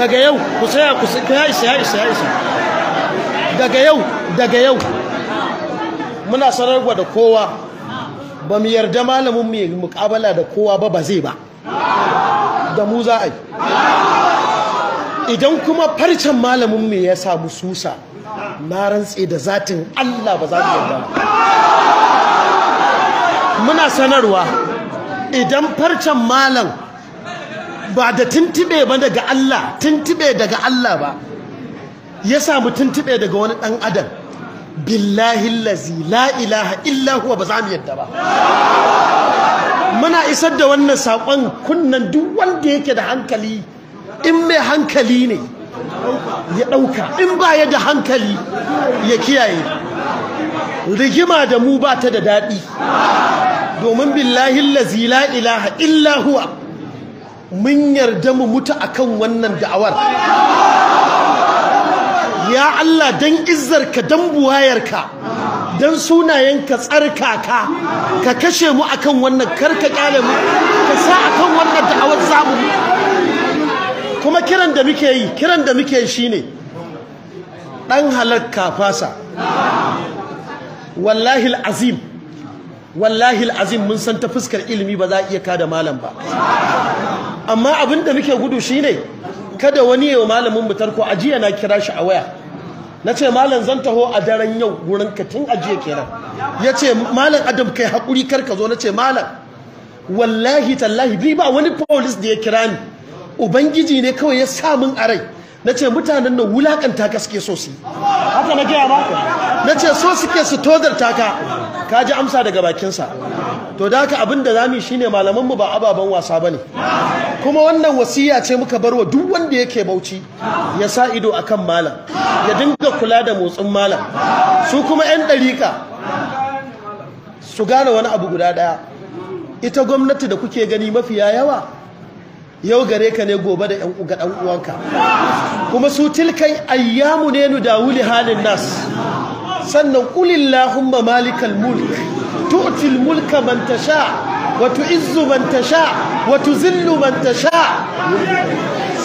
daga yau ku tsaya ku haisa haisa haisa daga yau daga yau muna sanarwa da kowa ba mu yarda malamin mu yi mukabala da kowa ba ba zai ba da mu za a yi idan kuma farcen malamin mu ya samu susa na rantse da zatin Allah ba za mu yarda muna sanarwa idan farcen malam ba da tuntube ba daga Allah tuntube daga Allah ba ya samu tuntube daga wani ɗan adam billahi lazi la ilaha illa ba za mu yadda ba muna isar da wannan sakon kunnan duk wanda yake da hankali in mai hankali ne ya ɗauka in ba ya da hankali ya kiyaye rigima da mu ba ta da daɗi domin billahi lazi la ilaha illa mun yarda mu mutu akan wannan da'awar ya Allah dan izzarka dan buwayarka dan sunayenka tsarkaka ka kashe mu akan wannan karka kyale mu ka sa akan wannan da'awar zamu kuma kiran da muke yi kiran da muke shine dan halakka fasa wallahi alazim wallahi alazim mun san ta fuskar ilimi ba za a iya kada malam ba amma abin da muke gudu shi ne, kada wani yau malamin mu tarko ajiya na kira shi a waya Na ce malam zan taho a daren yau wurin ka tun ajiya kenan ce malam adam kai hakuri kar ka zo ce malam wallahi tallahi bi ba wani polis da ya kira ni ubangiji ne kawai ya sa min a rai ce mutanen nan wulaƙanta ka so su haka na gaya Na ce so suke su tozarta ka ji amsa daga bakinsa. to da haka abin da zamu shine malaman mu ba ababan wasa bane kuma wannan wasiya ce muka bar wa duk wanda yake bauchi ya sa ido akan malam ya dinga kula da motsin malam su kuma yan dariƙa su gane wani abu guda daya ita gwamnati da kuke gani mafiya yawa yau gare ka ne gobe da ɗan uwanka kuma su tilkai ayyamu ne nu dawuli halin nas sannan kulillahumma malikal mulk tu'til mulka man tasha wa tu'izzu man tasha wa tuzillu man tasha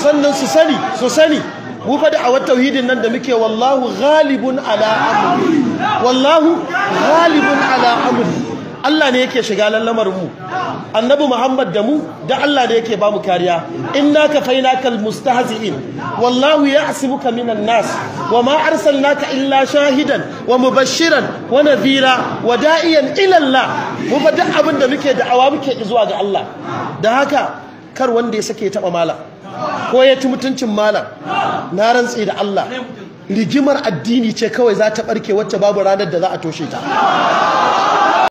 sannan su sani su sani mu fa a awat tauhidin nan da muke wallahu ghalibun ala amri wallahu ghalibun ala amri Allah ne yake shiga lallamar mu annabi Muhammad da mu da Allah ne yake ba mu kariya inna kafainaka almustahzi'in wallahu ya'sibuka minan nas wa wama arsalnaka illa shahidan wa mubashiran wa nadhira wa da'iyan ila Allah mu fa duk abin da muke da'awa muke zuwa ga Allah da haka kar wanda ya sake taba malam ko ya ci mutuncin malam na rantsi da Allah rigimar addini ce kawai za ta barke wacce babu ranar da za a toshe ta